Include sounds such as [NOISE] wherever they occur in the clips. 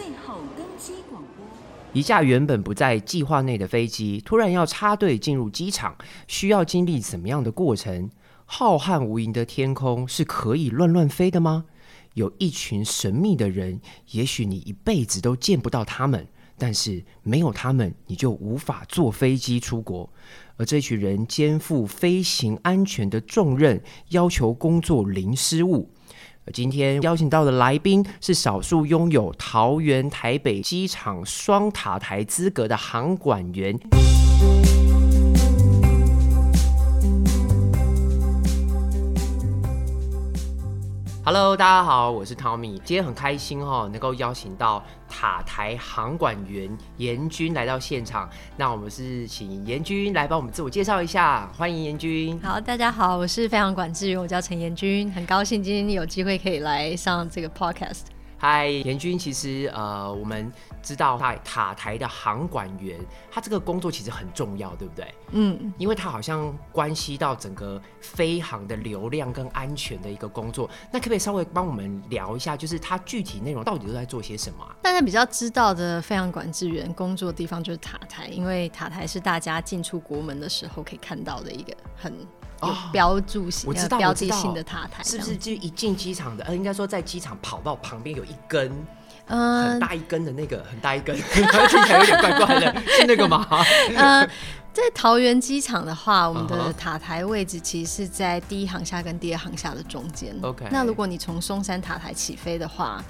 最後登機廣播。一架原本不在計劃內的飛機，突然要插隊進入機場，需要經歷什麼樣的過程？浩瀚無垠的天空是可以亂亂飛的嗎？有一群神秘的人，也許你一輩子都見不到他們，但是沒有他們，你就無法坐飛機出國。而這群人肩負飛行安全的重任，要求工作零失誤。今天邀請到的來賓是少數擁有桃園、台北機場雙塔臺資格的航管員。Hello，大家好，我是 Tommy。今天很開心哈、哦，能夠邀請到塔台航管員妍君來到現場。那我們是請妍君來幫我們自我介紹一下，歡迎妍君。好，大家好，我是飛航管制員，我叫陳妍君，很高興今天有機會可以來上這個 Podcast。嗨，妍君，其實呃，我們知道在塔台的航管員，他這個工作其實很重要，對不對？嗯，因為他好像關係到整個飛航的流量跟安全的一個工作。那可不可以稍微幫我們聊一下，就是他具體內容到底都在做些什麼啊？大家比較知道的，飛航管制員工作的地方就是塔台，因為塔台是大家進出國門的時候可以看到的一個很。哦、有標注性的標誌性的塔台，是不是就一進機場的？呃，應該說在機場跑道旁邊有一根，嗯，很大一根的那個，呃、很大一根，很大一根 [LAUGHS] [LAUGHS] 聽起來有點怪怪的， [LAUGHS] 是那個嗎？嗯、呃，在桃園機場的話，我們的塔台位置其實是在第一航廈跟第二航廈的中間。OK，、uh-huh. 那如果你從松山塔台起飛的話，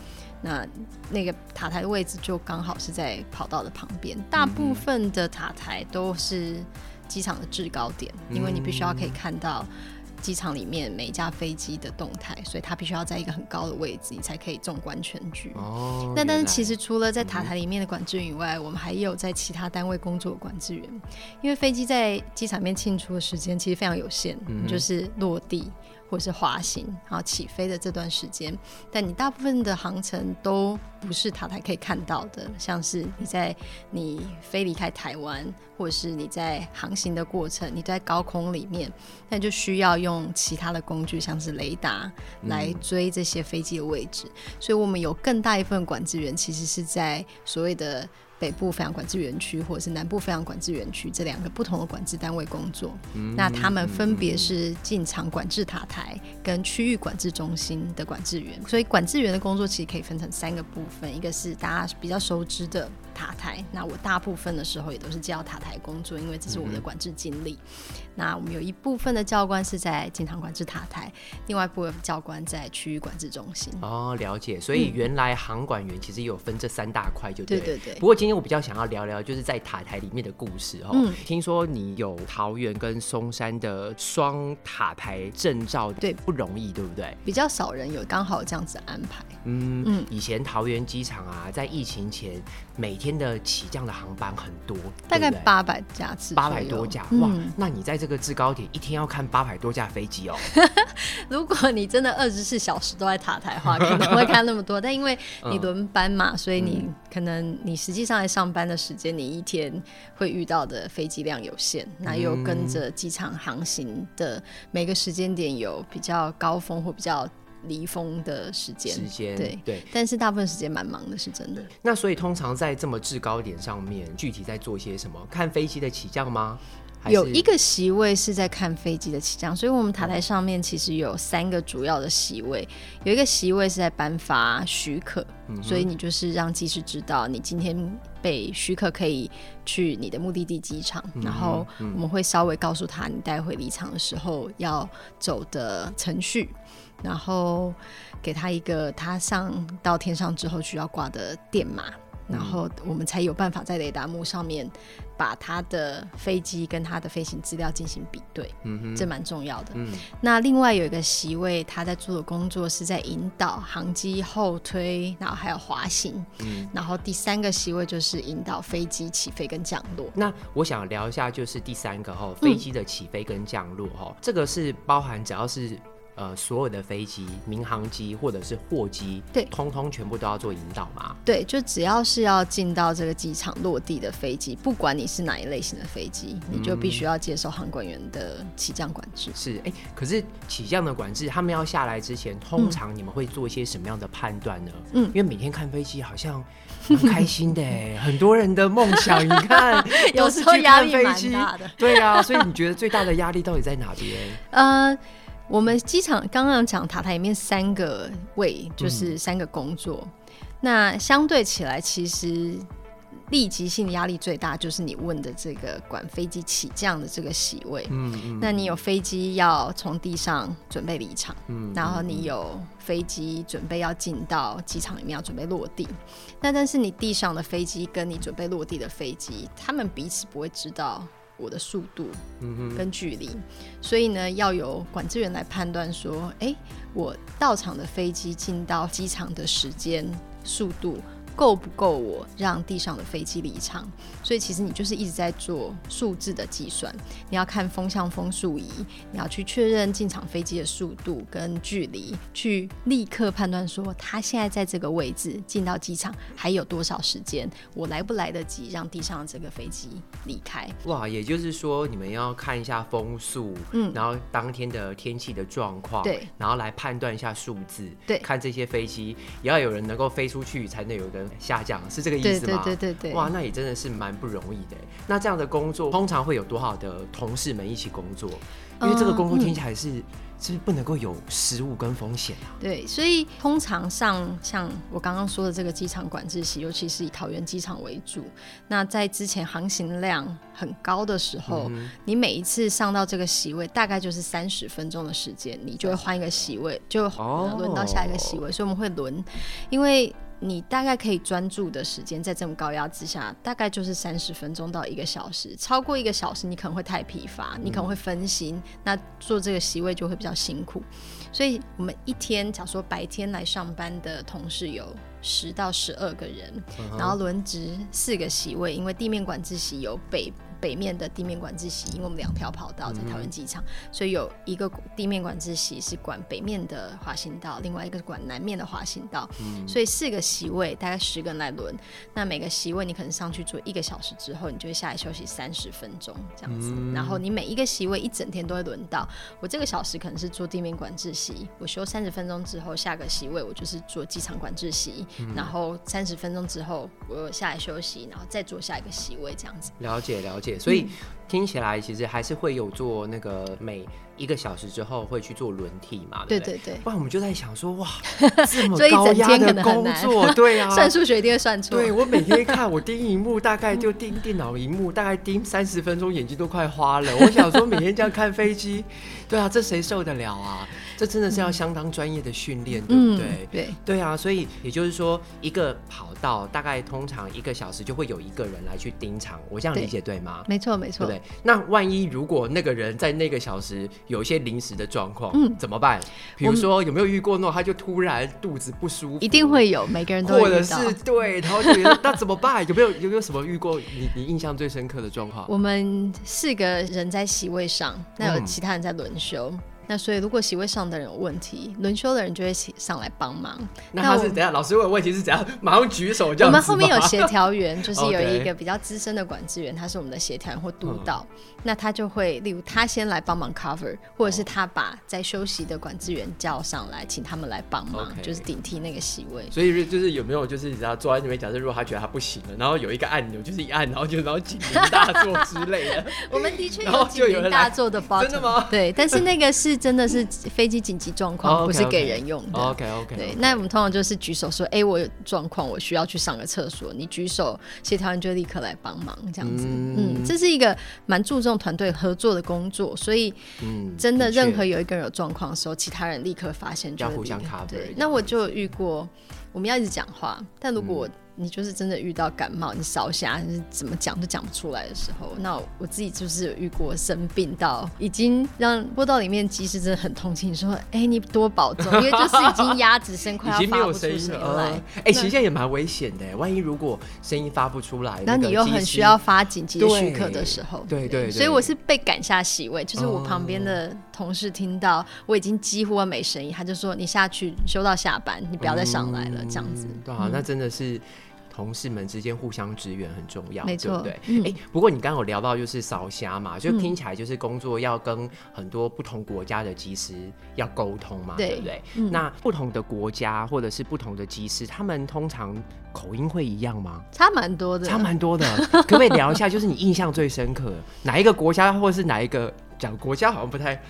那那個塔台的位置就剛好是在跑道的旁邊。大部分的塔台都是。機場的制高點，因為你必須要可以看到嗯。機場裡面每一架飛機的動態，所以它必須要在一個很高的位置，你才可以縱觀全局。哦。那但，但是其實除了在塔台裡面的管制員以外，嗯，我們還有在其他單位工作的管制員，因為飛機在機場裡面進出的時間其實非常有限，嗯，就是落地或是滑行，然後起飛的這段時間。但你大部分的航程都不是塔台可以看到的，像是你在你飛離開台灣，或者是你在航行的過程，你在高空裡面，那就需要用。用其他的工具，像是雷達來追這些飛機的位置、嗯，所以我們有更大一份管制員，其實是在所謂的北部飛航管制園區或者是南部飛航管制園區這兩個不同的管制單位工作。嗯、那他們分別是進場管制塔台跟區域管制中心的管制員，所以管制員的工作其實可以分成三個部分，一個是大家比較熟知的塔台，那我大部分的時候也都是叫塔台工作，因為這是我的管制經歷。嗯那我們有一部分的教官是在機場管制塔台，另外一部分的教官在區域管制中心。哦，了解。所以原來航管員其實有分這三大塊，就、嗯、對對對。不過今天我比較想要聊聊，就是在塔台裡面的故事哦、嗯。聽說你有桃園跟松山的雙塔台證照，對，不容易對，對不對？比較少人有剛好這樣子安排。嗯嗯。以前桃園機場啊，在疫情前，每天的起降的航班很多，對對，大概八百架次，八百多架。哇，嗯、那你在這個。這個制高點一天要看八百多架飛機哦。 [LAUGHS] 如果你真的二十四小時都在塔台的話 [LAUGHS] 可能會看那麼多。但因為你輪班嘛，嗯、所以你可能你實際上在上班的時間、嗯，你一天會遇到的飛機量有限。那、嗯、又跟着機場航行的每個時間點有比較高峰或比較離峰的時間。時間對對，但是大部分時間蠻忙的，是真的。那所以通常在這麼制高點上面，具體在做些什麼？看飛機的起降嗎？有一個席位是在看飛機的起降，所以我們塔台上面其實有三個主要的席位，有一個席位是在頒發許可、嗯，所以你就是讓機師知道你今天被許可可以去你的目的地機場、嗯，然後我們會稍微告訴他你待會離場的時候要走的程序，然後給他一個他上到天上之後需要掛的電碼。然後我們才有辦法在雷達幕上面把他的飛機跟他的飛行資料進行比對，嗯哼，這蠻重要的，嗯。那另外有一個席位，他在做的工作是在引導航機後推，然後還有滑行，嗯。然後第三個席位就是引導飛機起飛跟降落。那我想聊一下，就是第三個哈，哦，飛機的起飛跟降落哈，哦，嗯，這個是包含只要是。呃，所有的飛機、民航機或者是貨機，對，通通全部都要做引導嘛。對，就只要是要進到這個機場落地的飛機，不管你是哪一類型的飛機、嗯，你就必須要接受航管員的起降管制。是，哎、欸，可是起降的管制，他們要下來之前，通常你們會做一些什麼樣的判斷呢？嗯，因為每天看飛機好像很開心的， [LAUGHS] 很多人的夢想。 [LAUGHS] 你看， [LAUGHS] 有時候壓力蠻大的， [LAUGHS] 對啊。所以你覺得最大的壓力到底在哪邊？ [LAUGHS] 呃。我們機場剛剛講塔台裡面三個位，就是三個工作。嗯、那相對起來，其實立即性的壓力最大，就是你問的這個管飛機起降的這個席位。嗯，嗯，嗯，那你有飛機要從地上準備離場，嗯，嗯，嗯，然後你有飛機準備要進到機場裡面要準備落地嗯、嗯、嗯。那但是你地上的飛機跟你準備落地的飛機，他們彼此不會知道。我的速度跟距離，嗯，所以呢，要由管制員來判斷說，哎、欸，我到場的飛機進到機場的時間、速度，夠不夠我讓地上的飛機離場？所以其實你就是一直在做數字的計算。你要看風向風速儀，你要去確認進場飛機的速度跟距離，去立刻判斷說他現在在這個位置進到機場還有多少時間，我來不來得及讓地上這個飛機離開？哇，也就是說你們要看一下風速，嗯，然後當天的天氣的狀況，對，然後來判斷一下數字，對，看這些飛機，也要有人能夠飛出去，才能有人。下降是這個意思嗎？對，對對對對，哇，那也真的是蠻不容易的。那這樣的工作通常會有多少的同事們一起工作？嗯？因為這個工作聽起來是、嗯、是，不是不能夠有失誤跟風險啊。對，所以通常上像，像我剛剛說的這個機場管制席，尤其是以桃園機場為主。那在之前航行量很高的時候，嗯、你每一次上到這個席位，大概就是三十分鐘的時間，你就會換一個席位，就輪到下一個席位。哦、所以我們會輪，因為。你大概可以專注的時間，在這麼高壓之下，大概就是三十分鐘到一個小時。超過一個小時，你可能會太疲乏，嗯、你可能會分心。那做這個席位就會比較辛苦。所以，我們一天，假如說白天來上班的同事有十到十二個人，嗯、然後輪值四個席位，因為地面管制席有北北面的地面管制席，因為我們兩條跑道在台灣機場，嗯，所以有一個地面管制席是管北面的滑行道，另外一個是管南面的滑行道。嗯，所以四個席位大概十個人來輪。那每個席位你可能上去坐一個小時之後，你就會下來休息三十分鐘這樣子，嗯。然後你每一個席位一整天都會輪到。我這個小時可能是坐地面管制席，我休三十分鐘之後下個席位我就是坐機場管制席，嗯，然後三十分鐘之後我又下來休息，然後再坐下一個席位這樣子。了解了解。所以。聽起來其實還是會有做那個每一個小時之後會去做輪替嘛對不對？對對對。不然我們就在想說，哇，這麼高壓的工作，對 [LAUGHS] 啊， [LAUGHS] 算數學一定會算錯。對，我每天看，我盯熒幕，大概就盯、嗯、電腦熒幕，大概盯三十分鐘，眼睛都快花了。我想說，每天這樣看飛機， [LAUGHS] 對啊，這誰受得了啊？這真的是要相當專業的訓練、嗯，對不對？嗯、對對啊，所以也就是說，一個跑道大概通常一個小時就會有一個人來去盯場，我這樣理解對，對嗎？沒錯，沒錯，對。那萬一如果那個人在那個小時有一些臨時的狀況，嗯，怎麼辦？比如說有沒有遇過那種他就突然肚子不舒服？一定會有，每個人都會，或者是，對。然後 [LAUGHS] 那怎麼辦？有沒有有沒有什麼遇過你你印象最深刻的狀況？我們四個人在席位上，那有其他人在輪休。嗯那所以，如果席位上的人有問題，輪休的人就會上來幫忙。那他是怎樣？老師問問題是怎樣？馬上舉手。我們後面有協調員， [LAUGHS] 就是有一個比較資深的管制員，okay. 他是我們的協調員或督導、嗯。那他就會，例如他先來幫忙 cover，或者是他把在休息的管制員叫上來，請他們來幫忙，okay. 就是頂替那個席位。所以就是有沒有，就是你知道坐在那邊，假設如果他覺得他不行了，然後有一個按鈕，就是一按，然後就然後警鈴大作之類的。 [LAUGHS] 我們的確有警鈴大作的包， [LAUGHS] 真的嗎？對，但是那個是。 [LAUGHS] 真的是飛機緊急狀況，不是給人用的。Oh, OK OK, okay。Okay, okay. 對，那我們通常就是舉手說：“哎、欸，我有狀況，我需要去上個廁所。”你舉手協調，人就立刻來幫忙這樣子嗯。嗯，這是一個蠻注重團隊合作的工作，所以真的，任何有一個人有狀況的時候、嗯，其他人立刻發現就會要互相咖啡對對。那我就遇過，我們要一直講話，但如果我。你就是真的遇到感冒，你少下，你是怎麼講都講不出來的時候，那我，我自己就是遇過生病到已經讓播到裡面，其實真的很同情，說哎、欸、你多保重， [LAUGHS] 因為就是已經鴨子聲快要發不出聲來。哎、啊欸，其實也蠻危險的，萬一如果聲音發不出來、那個，那你又很需要發緊急許可的時候，對對，對，對，對，所以我是被趕下席位，就是我旁邊的同事聽到、嗯、我已經幾乎沒聲音，他就說你下去休到下班，你不要再上來了，嗯、這樣子。對啊，嗯、那真的是。同事們之間互相支援很重要，沒錯，對不對？哎、嗯欸，不過你剛剛有聊到就是燒蝦嘛，就、嗯、聽起來就是工作要跟很多不同國家的機師要溝通嘛，對,對不對、嗯？那不同的國家或者是不同的機師，他們通常口音會一樣嗎？差蠻多的，差蠻多的。 [LAUGHS] 可不可以聊一下？就是你印象最深刻 [LAUGHS] 哪一個國家，或者是哪一個講國家好像不太，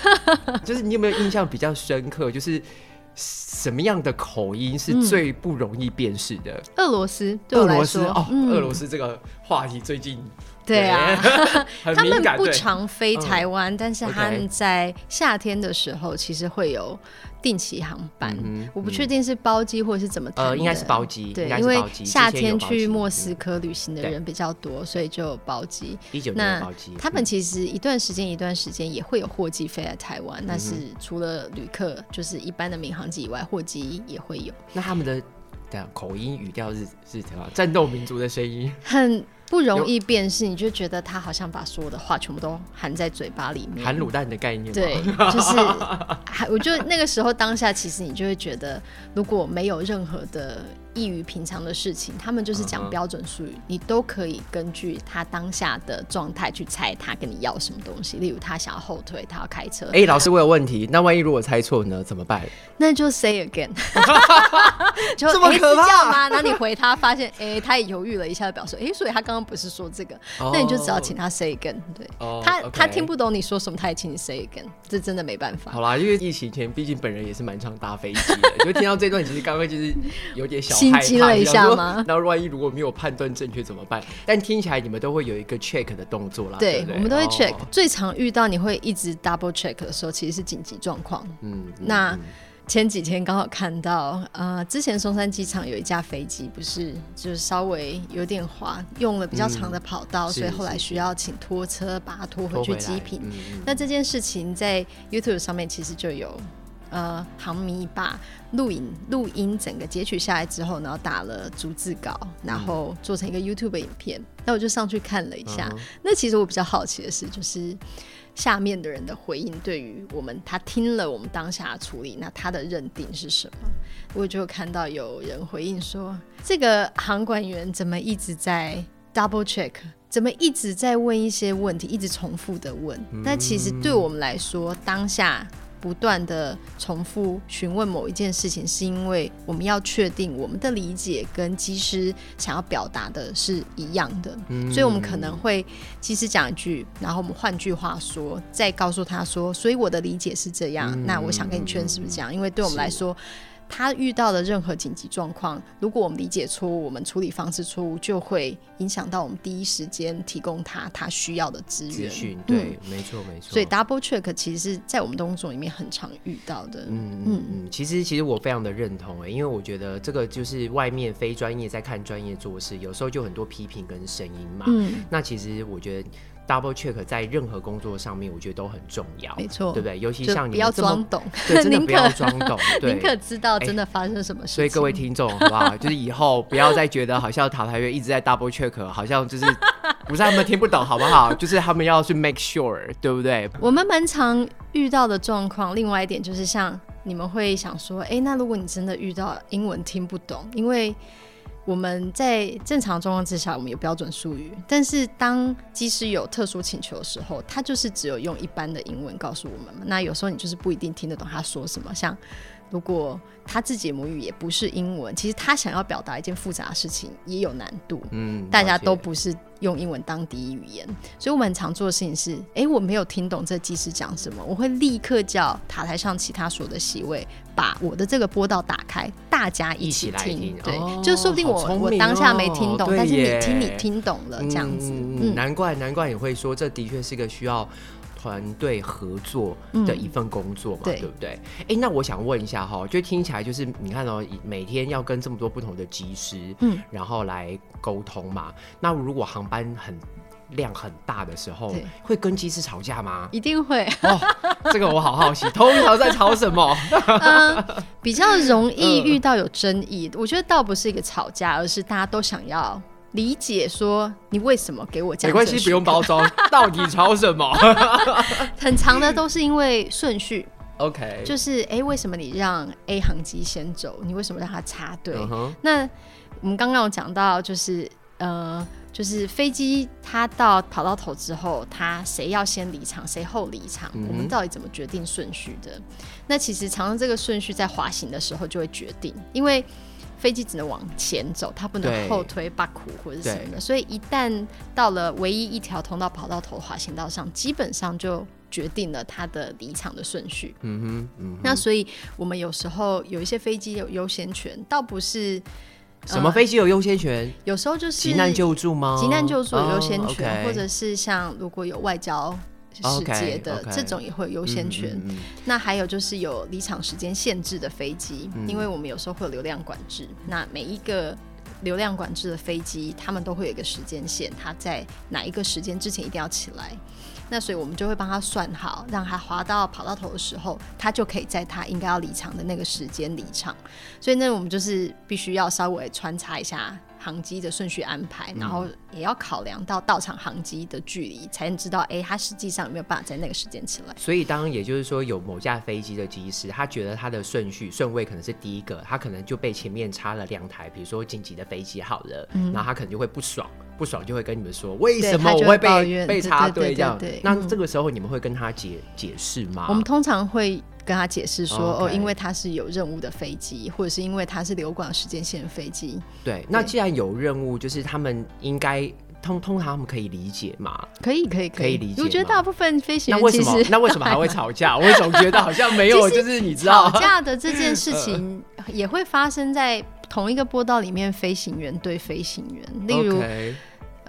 [LAUGHS] 就是你有沒有印象比較深刻？就是。什麼樣的口音是最不容易辨識的？嗯、俄羅斯，對我來說俄羅斯哦，嗯、俄羅斯這個話題最近對啊對 [LAUGHS] 很敏感，他們不常飛台灣、嗯，但是他們在夏天的時候其實會有。定期航班，嗯、我不確定是包機或者是怎麼呃，應該是包機，對，因為夏天去莫斯科旅行的人比較多，嗯、所以就包機。那他們其實一段時間一段時間也會有貨機飛來台灣，但、嗯、是除了旅客就是一般的民航機以外，貨機也會有。那他們的的口音語調是是什麼？戰鬥民族的聲音，很。不容易辨識，你就覺得他好像把所有的話全部都含在嘴巴裡面，含滷蛋的概念。對，就是， [LAUGHS] 我就那個時候當下，其實你就會覺得，如果沒有任何的異於平常的事情，他們就是講標準術語，嗯嗯，你都可以根據他當下的狀態去猜他跟你要什麼東西。例如，他想要後退，他要開車。哎，老師，我有問題。那萬一如果猜錯呢？怎麼辦？那就 say again。 [LAUGHS] 就、S、這麼可怕叫嗎？那你回他，發現 [LAUGHS] 哎，他也猶豫了一下，表示哎，所以他剛剛。不是說這個，oh, 那你就只要請他 say again，對、oh, okay. 他他聽不懂你說什麼，他也請你 say again，這真的沒辦法。好啦，因為疫情前，畢竟本人也是蠻常搭飛機的，你 [LAUGHS] 就聽到這段，其實剛剛就是有點小心機了一下嘛。那萬一如果沒有判斷正確怎麼辦？但聽起來你們都會有一個 check 的動作啦，對，對對我們都會 check、oh.。最常遇到你會一直 double check 的時候，其實是緊急狀況。嗯，嗯那。嗯前幾天剛好看到，呃，之前松山機場有一架飛機不是，就是稍微有點滑，用了比較長的跑道，嗯、所以後來需要請拖車把它拖回去機坪、嗯。那這件事情在 YouTube 上面其實就有，呃，航迷把錄影錄音整個截取下來之後，然後打了逐字稿，然後做成一個 YouTube 影片。嗯、那我就上去看了一下、啊。那其實我比較好奇的是，就是。下面的人的回應對於我們，他聽了我們當下的處理，那他的認定是什麼？我就看到有人回應說，這個航管員怎麼一直在 double check，怎麼一直在問一些問題，一直重複的問。嗯、那其實對我們來說，當下。不斷的重複詢問某一件事情，是因為我們要確定我們的理解跟機師想要表達的是一樣的，嗯，所以我們可能會機師講一句，然後我們換句話說，再告訴他說，所以我的理解是這樣，嗯，那我想跟你確認是不是這樣，嗯，okay, 因為對我們來說，他遇到的任何緊急狀況，如果我們理解錯誤，我們處理方式錯誤，就會影響到我們第一時間提供他他需要的資源。對，嗯、沒錯，沒錯。所以 double check 其實是在我們工作裡面很常遇到的。嗯嗯嗯，其實其實我非常的認同哎，因為我覺得這個就是外面非專業在看專業做事，有時候就很多批評跟聲音嘛。嗯。那其實我覺得。Double check 在任何工作上面，我覺得都很重要，沒錯，對不對？尤其像你不要裝懂。對，真的不要裝懂，你 [LAUGHS] 可，可知道真的發生什麼事。事，欸？所以各位聽眾，好不好？ [LAUGHS] 就是以後不要再覺得好像塔台員，一直在 double check，好像就是不是他們聽不懂，好不好？ [LAUGHS] 就是他們要去 make sure，對不對？我們蠻常遇到的狀況。另外一點就是，像你們會想說，哎、欸，那如果你真的遇到英文聽不懂，因為。我們在正常狀況之下，我們有標準術語。但是當機師有特殊請求的時候，他就是只有用一般的英文告訴我們嘛。那有時候你就是不一定聽得懂他說什麼。像如果他自己母語也不是英文，其實他想要表達一件複雜的事情也有難度。嗯，大家都不是用英文當第一語言，所以我們常做的事情是：哎、欸，我沒有聽懂這機師講什麼，我會立刻叫塔台上其他所有的席位把我的這個波道打開。大家一起，一起來聽，對，哦、就說不定我、哦、我當下沒聽懂，但是你聽你聽懂了這樣子，嗯嗯、難怪難怪你會說這的確是個需要團隊合作的一份工作嘛，嗯、對不對？哎、欸，那我想問一下哈，就聽起來就是你看哦、喔，每天要跟這麼多不同的機師，嗯，然後來溝通嘛，那如果航班很。量很大的時候，會跟機師吵架嗎？一定會。哦、 [LAUGHS] oh,。這個我好好奇， [LAUGHS] 通常在吵什麼？ [LAUGHS] uh, 比較容易遇到有爭議、嗯，我覺得倒不是一個吵架，而是大家都想要理解說你為什麼給我加。沒關係，不用包裝。 [LAUGHS] 到底吵什麼？ [LAUGHS] [LAUGHS] 很長的都是因為順序。OK， [LAUGHS] 就是哎、欸，為什麼你讓 A 航機先走？你為什麼讓它插隊、嗯？那我們剛剛有講到，就是呃。就是飛機它到跑道頭之後，它誰要先離場，誰後離場、嗯，我們到底怎麼決定順序的？那其實常常這個順序在滑行的時候就會決定，因為飛機只能往前走，它不能後推、back up 或者什麼的。所以一旦到了唯一一條通道跑道頭滑行道上，基本上就決定了它的離場的順序嗯。嗯哼，那所以我們有時候有一些飛機有優先權？倒不是。什麼飛機有優先權、嗯？有時候就是急難救助嗎？急難救助有優先權，Oh, okay. 或者是像如果有外交使節的 okay, okay. 這種也會有優先權、嗯。那還有就是有離場時間限制的飛機、嗯，因為我們有時候會有流量管制。嗯、那每一個流量管制的飛機，他們都會有一個時間線，他在哪一個時間之前一定要起來。那所以，我們就會幫他算好，讓他滑到跑道頭的時候，他就可以在他應該要離場的那個時間離場。所以，那我們就是必須要稍微穿插一下。航機的順序安排，然後也要考量到到場航機的距離、嗯，才能知道哎、欸，他實際上有沒有辦法在那個時間起來。所以，當也就是說，有某架飛機的機師，他覺得他的順序順位可能是第一個，他可能就被前面插了兩台，比如說緊急的飛機，好了、嗯，然後他可能就會不爽，不爽就會跟你們說，為什麼我會被對，會被插隊這樣。對對對對。那這個時候你們會跟他解解釋嗎、嗯。我們通常會。跟他解釋說，okay. 哦，因為他是有任務的飛機，或者是因為他是流管時間線的飛機。對，那既然有任務，就是他們應該通通常他們可以理解嘛？可以，可以，可以理解。我覺得大部分飛行員其實，那為什麼？那為什麼還會吵架？我 [LAUGHS] 總覺得好像沒有， [LAUGHS] 就是、就是你知道吵架的這件事情也會發生在同一個波道裡面， [LAUGHS] 飛行員對飛行員，例如。Okay.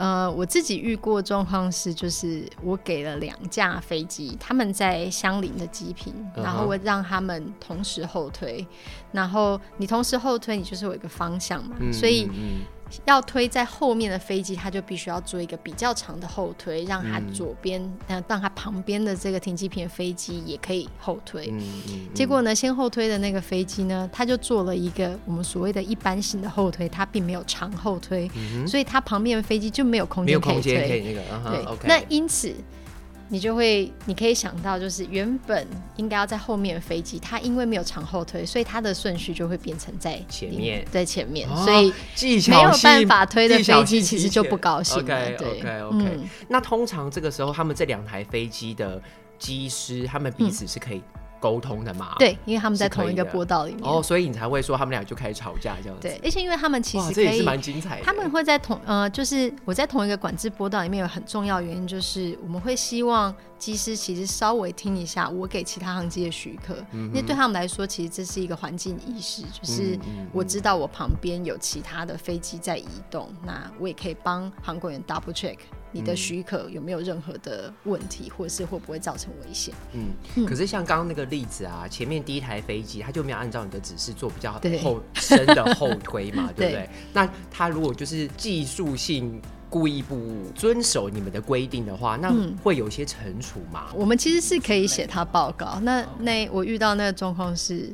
呃，我自己遇過的狀況是，就是我給了兩架飛機，他們在相鄰的機坪、啊，然後我讓他們同時後推。然後你同時後推，你就是有一個方向嘛，嗯、所以。嗯嗯要推在後面的飛機，它就必須要做一個比較長的後推，讓它左邊，呃、嗯，讓它旁邊的這個停機坪飛機也可以後推、嗯嗯。結果呢，先後推的那個飛機呢，它就做了一個我們所謂的一般性的後推，它並沒有長後推，嗯、所以它旁邊的飛機就沒有空間，沒有空間可，可以那個、啊、對。Okay. 那因此。你就會，你可以想到，就是原本應該要在後面飛機，它因為沒有長後推，所以它的順序就會變成在前面，在前面，哦、所以沒有辦法推的飛機其實就不高興了。o、okay, okay, okay. 對 OK。那通常這個時候，他們這兩台飛機的機師，他們彼此是可以。嗯溝通的嘛，對，因為他們在同一個波道裡面，哦，所以你才會說他們倆就開始吵架這樣子。對，而且因為他們其實可以，哇這是蠻精彩的，他們會在同呃，就是我在同一個管制波道裡面有很重要原因，就是我們會希望機師其實稍微聽一下我給其他航機的許可，那、嗯、對他們來說，其實這是一個環境意識，就是我知道我旁邊有其他的飛機在移動嗯嗯嗯，那我也可以幫航管員 double check。嗯、你的許可有沒有任何的問題，或者是會不會造成危險、嗯？嗯，可是像剛剛那個例子啊、嗯，前面第一台飛機它就沒有按照你的指示做比較後深的後推嘛， [LAUGHS] 對不對？對那他如果就是技術性故意不遵守你們的規定的話，那會有一些懲處嗎、嗯？我們其實是可以寫他報告。那、哦、那我遇到那個狀況是。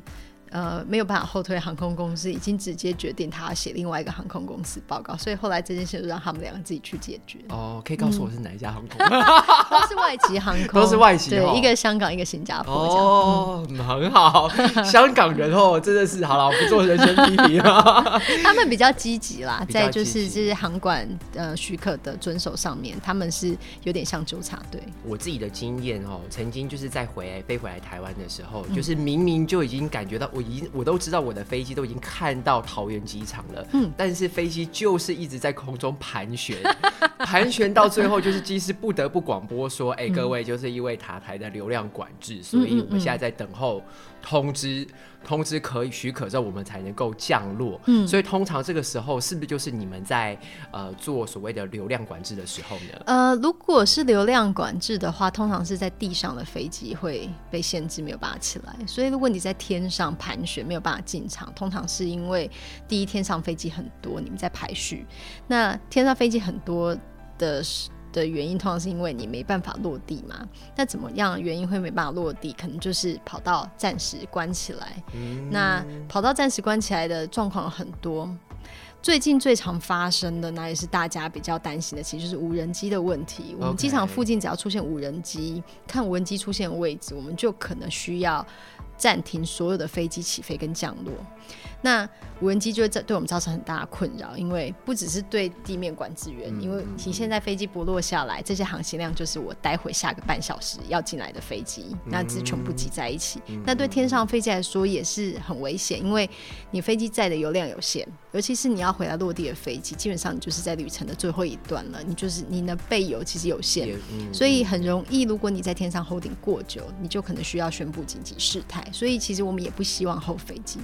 呃，沒有辦法後退，航空公司已經直接決定他要寫另外一個航空公司報告，所以後來這件事就讓他們兩個自己去解決。哦，可以告訴我是哪一家航空？嗯、 [LAUGHS] 都是外籍航空，都是外籍，對，哦、一個香港，一個新加坡。哦、嗯，很好，香港人哦，真的是，好了，我不做人身批評了、 [LAUGHS] 嗯。他們比較積極啦積極，在就是這些、就是、航管呃許可的遵守上面，他們是有點像糾察隊。我自己的經驗哦，曾經就是在回來飛回來台灣的時候、嗯，就是明明就已經感覺到。我已經，我都知道我的飛機都已經看到桃園機場了，嗯，但是飛機就是一直在空中盤旋，盤 [LAUGHS] 旋到最後就是，機師不得不廣播說，哎、嗯欸，各位就是因為塔台的流量管制、嗯，所以我們現在在等候通知。嗯嗯嗯嗯通知可以許可之後，我們才能夠降落。嗯，所以通常這個時候是不是就是你們在呃做所謂的流量管制的時候呢？呃，如果是流量管制的話，通常是在地上的飛機會被限制沒有辦法起來，所以如果你在天上盤旋沒有辦法進場，通常是因為第一天上飛機很多，你們在排序。那天上飛機很多的的原因通常是因為你沒辦法落地嘛。那怎麼樣原因會沒辦法落地？可能就是跑道暫時關起來。嗯、那跑道暫時關起來的狀況很多，最近最常發生的那也是大家比較擔心的，其實就是無人機的問題。我們機場附近只要出現無人機，okay. 看無人機出現位置，我們就可能需要，暫停所有的飛機起飛跟降落，那無人機就會在對我們造成很大的困擾，因為不只是對地面管制員、嗯，因為你現在飛機不落下來、嗯，這些航行量就是我待會下個半小時要進來的飛機、嗯，那只全部擠在一起、嗯。那對天上飛機來說也是很危險，因為你飛機載的油量有限，尤其是你要回來落地的飛機，基本上你就是在旅程的最後一段了，你就是你的備油其實有限，嗯、所以很容易，如果你在天上 holding 過久，你就可能需要宣布緊急事態。所以其實我們也不希望後飛機，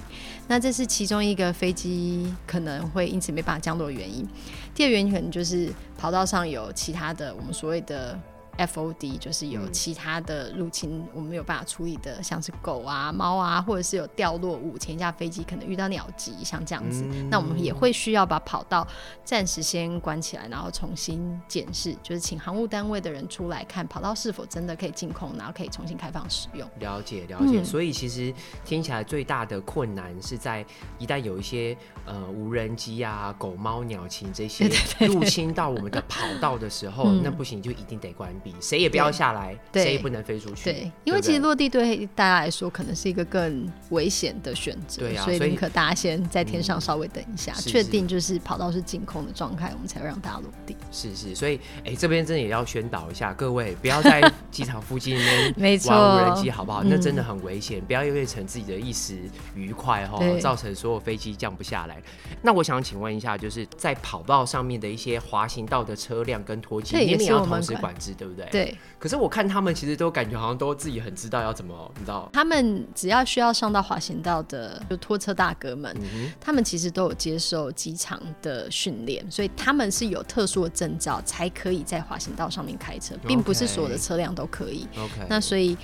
那這是其中一個飛機可能會因此沒辦法降落的原因。第二原因可能就是跑道上有其他的我們所謂的。FOD 就是有其他的入侵，我們沒有辦法處理的，嗯、像是狗啊、貓啊，或者是有掉落物。前一架飛機可能遇到鳥擊，像這樣子、嗯，那我們也會需要把跑道暫時先關起來，然後重新檢視，就是請航務單位的人出來看跑道是否真的可以淨空，然後可以重新開放使用。了解，了解、嗯。所以其實聽起來最大的困難是在一旦有一些呃無人機啊、狗貓鳥禽這些入侵到我們的跑道的時候， [LAUGHS] 嗯、那不行就一定得關。誰也不要下來，誰也不能飛出去。對，對，對，對，因為其實落地對大家來說可能是一個更危險的選擇。對啊，所以，所以寧可大家先在天上稍微等一下，確、嗯、定就是跑道是淨空的狀態，我們才會讓大家落地。是是，所以哎、欸，這邊真的也要宣導一下，各位不要在機場附近那 [LAUGHS] 玩無人機，好不好？那真的很危險、嗯，不要因為成自己的一時愉快哈、哦，造成所有飛機降不下來。那我想請問一下，就是在跑道上面的一些滑行道的車輛跟拖機，你也是要同時管制，嗯、對不對？對，可是我看他們其實都感覺好像都自己很知道要怎麼，你知道？他們只要需要上到滑行道的，就是、拖車大哥們、嗯，他們其實都有接受機場的訓練，所以他們是有特殊的證照，才可以在滑行道上面開車，並不是所有的車輛都可以。Okay. 那所以，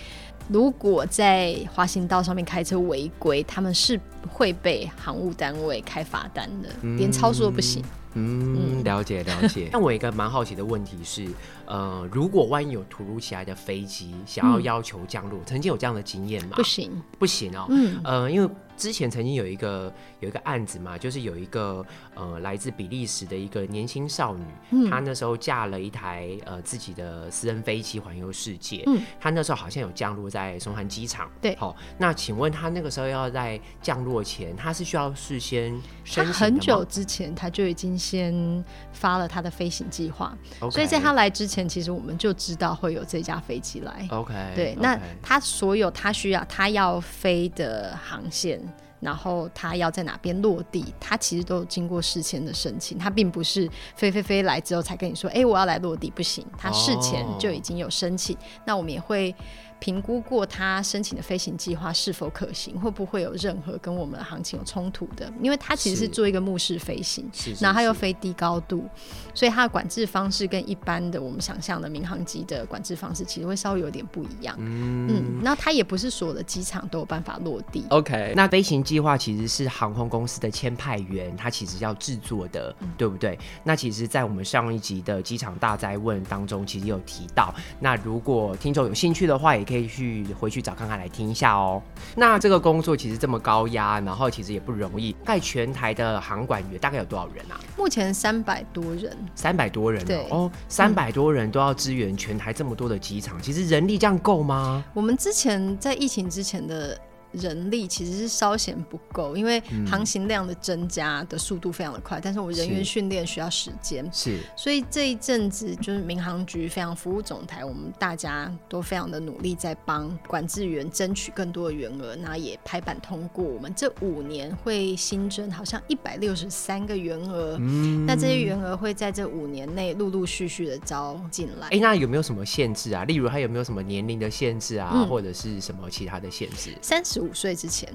如果在滑行道上面開車違規，他們是會被航務單位開罰單的、嗯，連超速都不行。嗯，了解了解。 [LAUGHS] 但我有一個蠻好奇的問題是，呃，如果萬一有突如其來的飛機想要要求降落，嗯，曾經有這樣的經驗嗎？不行，不行哦，喔。嗯，呃，因為。之前曾經有一個有一個案子嘛，就是有一個呃來自比利時的一個年輕少女、嗯，她那時候駕了一台呃自己的私人飛機環遊世界，嗯，她那時候好像有降落在松山機場，對，好、哦，那請問她那個時候要在降落前，她是需要事先申請？她很久之前她就已經先發了她的飛行計劃，okay, 所以在她來之前，其實我們就知道會有這架飛機來，OK，對，okay, 那她所有她需要她要飛的航線。然後他要在哪邊落地，他其實都經過事前的申請，他並不是飛飛飛來之後才跟你說，哎、欸，我要來落地，不行，他事前就已經有申請，哦、那我們也會。評估過他申請的飛行計劃是否可行，會不會有任何跟我們的航情有衝突的？因為他其實是做一個目視飛行，是然後他又飛低高度是是是，所以他的管制方式跟一般的我們想象的民航機的管制方式其實會稍微有點不一樣。嗯，那、嗯、他也不是所有的機場都有辦法落地。OK，那飛行計劃其實是航空公司的簽派員他其實要制作的，嗯、對不對？那其實，在我們上一集的機場大哉問當中，其實有提到，那如果聽眾有興趣的話，也。可以去回去找看看來聽一下哦、喔。那這個工作其實這麼高壓，然後其實也不容易。在全台的航管員大概有多少人啊？目前三百多人。三百多人、喔，對哦，三、喔、百多人都要支援全台這麼多的機場、嗯，其實人力這樣夠嗎？我們之前在疫情之前的。人力其實是稍顯不夠，因為航行量的增加的速度非常的快，嗯、但是我們人員訓練需要時間，是，所以這一陣子就是民航局非常服務總台，我們大家都非常的努力在幫管制員爭取更多的員額，那也拍板通過，我們這五年會新增好像一百六十三個員額、嗯，那這些員額會在這五年內陸陸續續的招進來。哎、欸，那有沒有什麼限制啊？例如還有沒有什麼年齡的限制啊、嗯，或者是什麼其他的限制？三、嗯、十。三十五歲之前，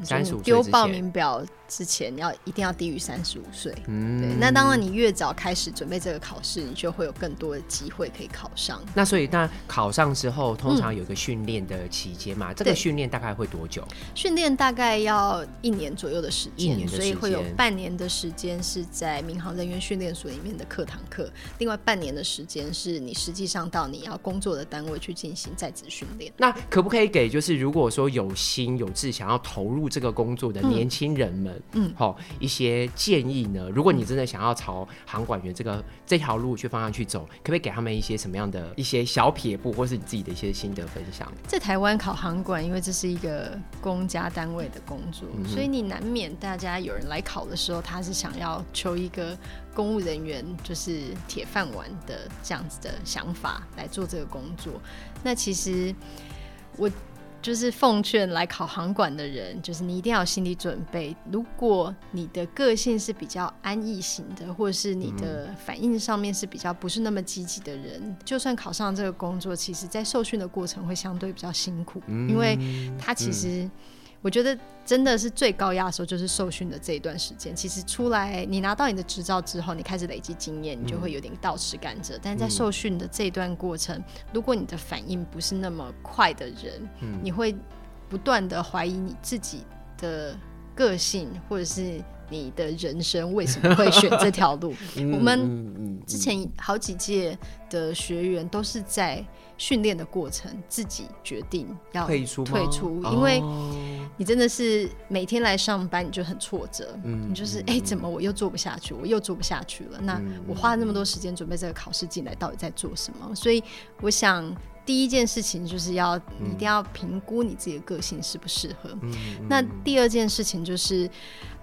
丟報名表之前，你要一定要低於三十五歲。嗯，對，那當然，你越早開始準備這個考試，你就會有更多的機會可以考上。那所以，那考上之後，通常有一個訓練的期間嘛、嗯？這個訓練大概會多久？訓練大概要一年左右的時間、嗯，所以會有半年的時間是在民航人員訓練所裡面的課堂課，另外半年的時間是你實際上到你要工作的單位去進行在職訓練。那可不可以給就是，如果說有心有志心？想要投入這個工作的年輕人們，嗯，好、嗯、一些建議呢。如果你真的想要朝航管員這個、嗯、這條、個、路去方向去走，可不可以給他們一些什麼樣的一些小撇步，或是你自己的一些心得分享？在台灣考航管，因為這是一個公家單位的工作、嗯，所以你難免大家有人來考的時候，他是想要求一個公務人員就是鐵飯碗的這樣子的想法來做這個工作。那其實我。就是奉勸來考航管的人，就是你一定要有心理準備。如果你的個性是比較安逸型的，或者是你的反應上面是比較不是那麼積極的人、嗯，就算考上這個工作，其實，在受訓的過程會相對比較辛苦，嗯、因為他其實、嗯。我覺得真的是最高壓縮，就是受訓的這一段時間。其實出來，你拿到你的執照之後，你開始累積經驗，你就會有點倒吃甘蔗。但是在受訓的這段過程，如果你的反應不是那麼快的人，嗯、你會不斷的懷疑你自己的。個性，或者是你的人生為什麼會選這條路？ [LAUGHS] 我們之前好幾屆的學員都是在訓練的過程自己決定要退出，退出，因為你真的是每天來上班你就很挫折，你就是哎、欸，怎麼我又做不下去，我又做不下去了？那我花了那麼多時間準備這個考試進來，到底在做什麼？所以我想。第一件事情就是要你一定要評估你自己的個性適不適合，嗯。那第二件事情就是，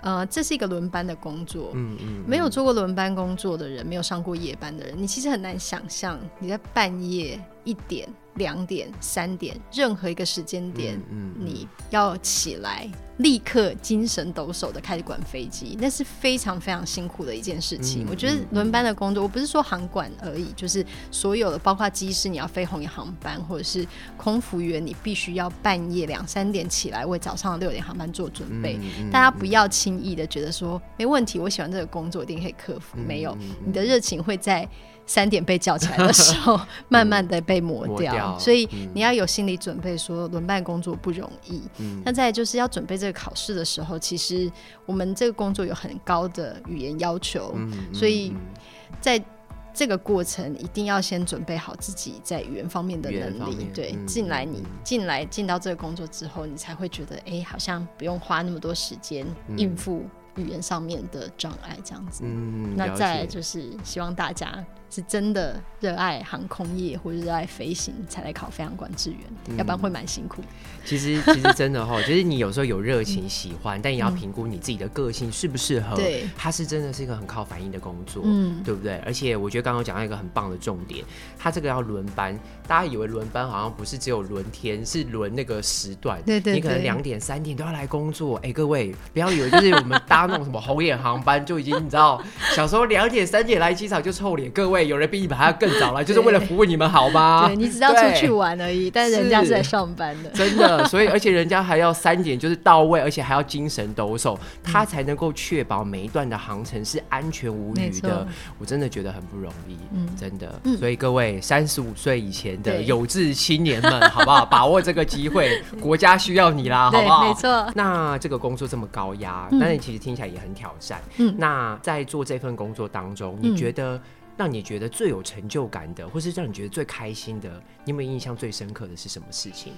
呃，這是一個輪班的工作。嗯嗯，沒有做過輪班工作的人，沒有上過夜班的人，你其實很難想象你在半夜。一點、兩點、三點，任何一個時間點，嗯，嗯，你要起來，立刻精神抖擻的開始管飛機，那是非常非常辛苦的一件事情。嗯，嗯，我覺得輪班的工作，我不是說航管而已，就是所有的，包括機師，你要飛紅眼航班，或者是空服員，你必須要半夜兩三點起來為早上六點航班，做準備。嗯，嗯，嗯，大家不要輕易的覺得說，沒問題，我喜歡這個工作，一定可以克服。沒有，你的熱情會在。三點被叫起來的時候、 [LAUGHS] 嗯，慢慢的被磨掉，磨掉，所以你要有心理準備，說輪班工作不容易。嗯、那再就是要準備這個考試的時候，其實我們這個工作有很高的語言要求、嗯，所以在這個過程一定要先準備好自己在語言方面的能力。對，進、嗯、來你進來進到這個工作之後，你才會覺得，哎、欸，好像不用花那麼多時間應付語言上面的障礙，這樣子。嗯、那再就是希望大家。是真的熱愛航空業或者熱愛飛行才來考飛航管制員、嗯，要不然會蠻辛苦。其實其實真的哈， [LAUGHS] 就是你有時候有熱情喜歡，嗯、但也要評估你自己的個性適不適合。對、嗯，它是真的是一個很靠反應的工作，嗯，對不對？而且我覺得剛剛講到一個很棒的重點，嗯、它這個要輪班，大家以為輪班好像不是只有輪天，是輪那個時段。對對對。你可能兩點三點都要來工作，哎，欸、各位不要以為就是我們搭那種什麼紅眼航班 [LAUGHS] 就已經你知道，小時候兩點三點來機場就臭臉，各位。有人比你們還要更早來， [LAUGHS] 就是為了服務你們，好嗎？對，你只要出去玩而已，但人家是在上班的，真的。所以，而且人家還要三點就是到位，而且還要精神抖擻， [LAUGHS] 他才能夠確保每一段的航程是安全無虞的。我真的覺得很不容易，嗯，真的。所以各位三十五歲以前的有志青年們，好不好？把握這個機會， [LAUGHS] 國家需要你啦，對，好不好？沒錯。那這個工作這麼高壓，那、嗯、你其實聽起來也很挑戰。嗯，那在做這份工作當中，嗯、你覺得？讓你覺得最有成就感的，或是讓你覺得最開心的，你有沒有印象最深刻的是什麼事情？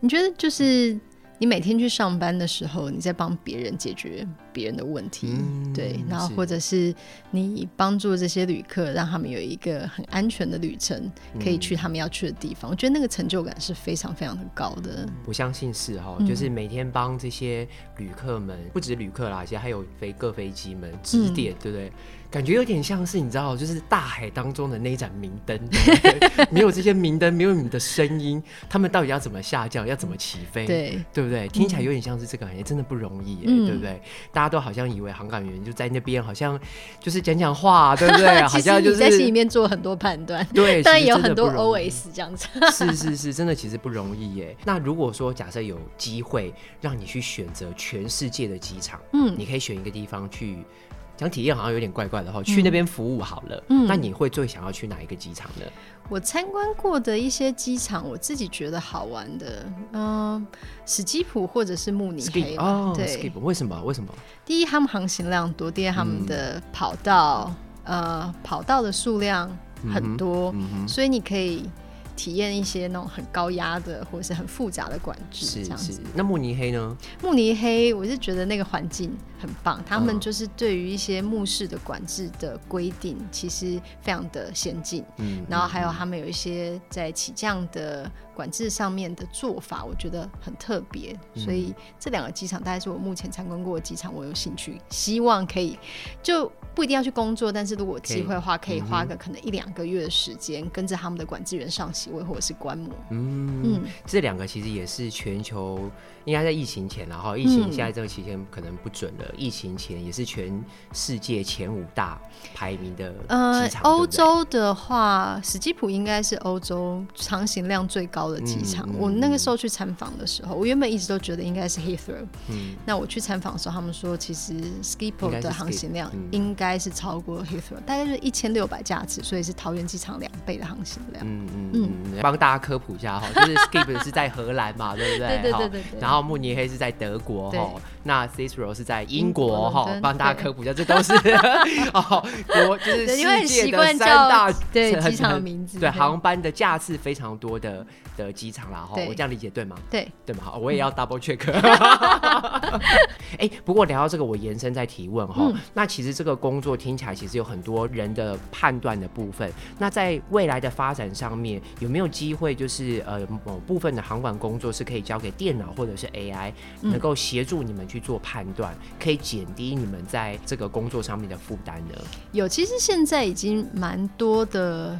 你覺得就是你每天去上班的時候，你在幫別人解決別人的問題、嗯，對，然後或者是你幫助這些旅客，讓他們有一個很安全的旅程，可以去他們要去的地方、嗯。我覺得那個成就感是非常非常的高的。嗯、我相信是哈、哦，就是每天幫這些旅客們、嗯，不止旅客啦，其實還有飛各飛機們指點，嗯、對不對，對？感覺有點像是你知道，就是大海當中的那一盞明燈。 [LAUGHS] 沒有這些明燈，沒有你的聲音，他們到底要怎麼下降，要怎麼起飛？對，對不對？嗯、聽起來有點像是這個行業真的不容易、欸嗯，對不對？大家都好像以為航管員就在那邊，好像就是講講話、啊，對不對？ [LAUGHS] 其實好像、就是、你在心裡面做很多判斷，對，當然有很多 OS 這樣子。 [LAUGHS] 是是是，真的其實不容易耶、欸。那如果說假設有機會讓你去選擇全世界的機場，嗯，你可以選一個地方去。講體驗好像有點怪怪的，嗯、去那邊服務好了。嗯，那你會最想要去哪一個機場呢？我參觀過的一些機場，我自己覺得好玩的，嗯、呃，史基普或者是慕尼黑吧。Skip, 哦、對，skip, 為什麼？為什麼？第一，他們航行，行量多；第二，他們的跑道，嗯、呃，跑道的數量很多，嗯嗯，所以你可以。體驗一些那種很高壓的或者是很複雜的管制，這樣子是是。那慕尼黑呢？慕尼黑，我是覺得那個環境很棒，嗯，他們就是對於一些目視的管制的規定，其實非常的先進。嗯。然後還有他們有一些在起降的管制上面的做法，我覺得很特別，嗯。所以這兩個機場，大概是我目前參觀過的機場，我有興趣，希望可以就不一定要去工作，但是如果有機會的話，可以花個可能一兩個月的時間，跟着他們的管制員上。或者，是觀摩嗯。嗯，這兩個其實也是全球，應該在疫情前，然後疫情現在這個期間可能不準了、嗯。疫情前也是全世界前五大排名的機場，呃對對，歐洲的話，史基浦應該是歐洲航行量最高的機場。嗯、我那個時候去參訪的時候，嗯、我原本一直都覺得應該是 Heathrow。嗯。那我去參訪的時候，他們說其實 Schiphol 的航行量應該是超過 Heathrow，大概就是一千六百架次，所以是桃園機場兩倍的航行量。嗯嗯。嗯幫、嗯、大家科普一下哈，就是 Skip 是在荷蘭嘛， [LAUGHS] 對不對？對對對，對，對，然後慕尼黑是在德國哈，哦，那 Heathrow 是在英國哈，哦，幫大家科普一下， [LAUGHS] 這都是哦國就是世界的三大對，對機場名字，對，對航班的架次非常多的的機場啦哈，哦，我這樣理解對嗎？對對嘛，我也要 double check。哎， [LAUGHS] [LAUGHS] 欸，不過聊到這個，我延伸再提問哈，嗯哦，那其實這個工作聽起來其實有很多人的判斷的部分，嗯，那在未來的發展上面，有沒有機會，就是呃，某部分的航管工作，是可以交給電腦或者是 AI，能夠協助你們去做判斷，嗯，可以減低你們在這個工作上面的負擔呢？有，其實現在已經蠻多的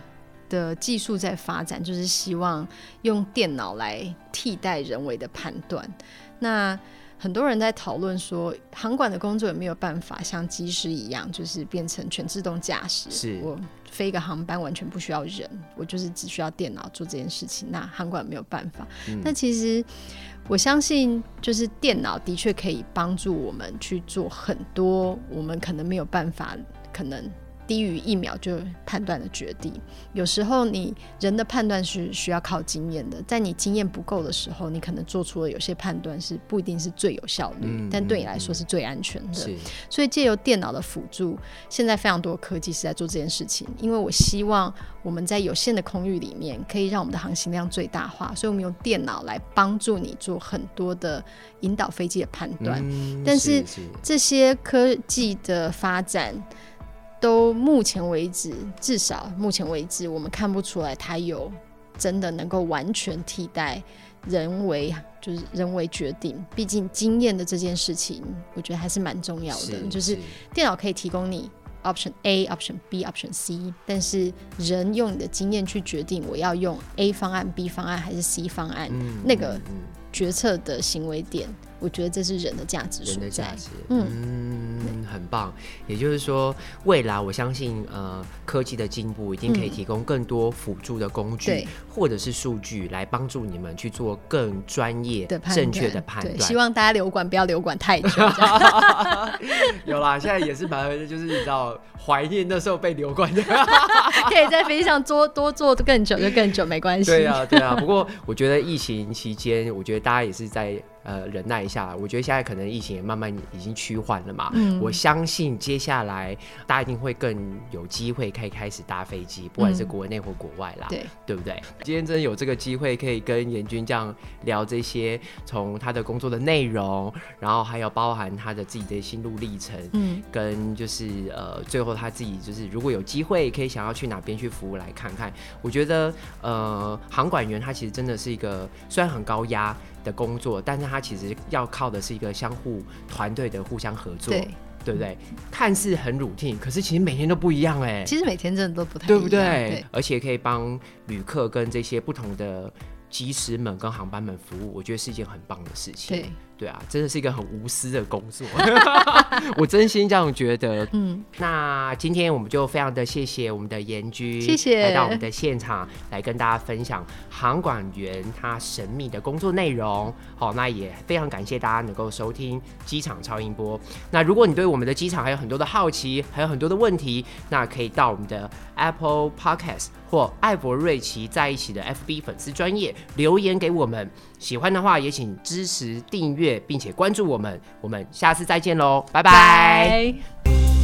的技術在發展，就是希望用電腦來替代人為的判斷。那很多人在討論說，航管的工作有沒有辦法像機師一樣，就是變成全自動駕駛？是、我飛一個航班完全不需要人，我就是只需要電腦做這件事情。那航管沒有辦法？嗯、那其實我相信，就是電腦的確可以幫助我們去做很多我們可能沒有辦法可能。低於一秒就判斷的決定，有時候你人的判斷是需要靠經驗的，在你經驗不夠的時候，你可能做出了有些判斷是不一定是最有效率、嗯，但對你來說是最安全的。嗯、所以借由電腦的輔助，現在非常多科技是在做這件事情，因為我希望我們在有限的空域裡面可以讓我們的航行量最大化，所以我們用電腦來幫助你做很多的引導飛機的判斷、嗯，但是這些科技的發展。都目前為止，至少目前為止，我們看不出來它有真的能夠完全替代人為，就是人為決定。畢竟經驗的這件事情，我覺得還是蠻重要的。行行。就是電腦可以提供你 option A、option B、option C，但是人用你的經驗去決定我要用 A 方案、B 方案還是 C 方案，嗯，那個決策的行為點。我覺得這是人的價值所在，人的價值，嗯，嗯，很棒。也就是說，未來我相信，呃，科技的進步一定可以提供更多輔助的工具，嗯、或者是數據來幫助你們去做更專業的判斷、正確的判斷。希望大家流管不要流管太久。 [LAUGHS] [LAUGHS] 有啦，現在也是蠻， [LAUGHS] 就是你知道，懷念那時候被流管的， [LAUGHS] [LAUGHS] 可以在飛機上坐多坐更久就更久沒關係。對啊，對啊。 [LAUGHS] 不過我覺得疫情期間，我覺得大家也是在。呃，忍耐一下了。我覺得現在可能疫情也慢慢已經趨緩了嘛。嗯，我相信接下來大家一定會更有機會可以開始搭飛機，不管是國內或國外啦。對、嗯，對不對，對？今天真的有這個機會可以跟妍君這樣聊這些，從他的工作的內容，然後還有包含他的自己的心路歷程，嗯，跟就是呃，最後他自己就是如果有機會可以想要去哪邊去服務來看看。我覺得呃，航管員他其實真的是一個雖然很高壓的工作，但是它其實要靠的是一個相互團隊的互相合作，對，對不對？看似很 routine，可是其實每天都不一樣哎、欸。其實每天真的都不太，對不對,對？而且可以幫旅客跟這些不同的機師們跟航班們服務，我覺得是一件很棒的事情。對對啊，真的是一個很無私的工作， [LAUGHS] [LAUGHS] 我真心這樣覺得。嗯，那今天我們就非常的謝謝我們的妍君，謝謝來到我們的現場來跟大家分享航管員他神秘的工作內容。好，那也非常感謝大家能夠收聽機場超音波。那如果你對我們的機場還有很多的好奇，還有很多的問題，那可以到我們的 Apple Podcast 或艾弗瑞淇在一起的 FB 粉絲專頁留言給我們。喜歡的話，也請支持訂閱，並且關注我們。我們下次再見嘍，拜拜。Bye.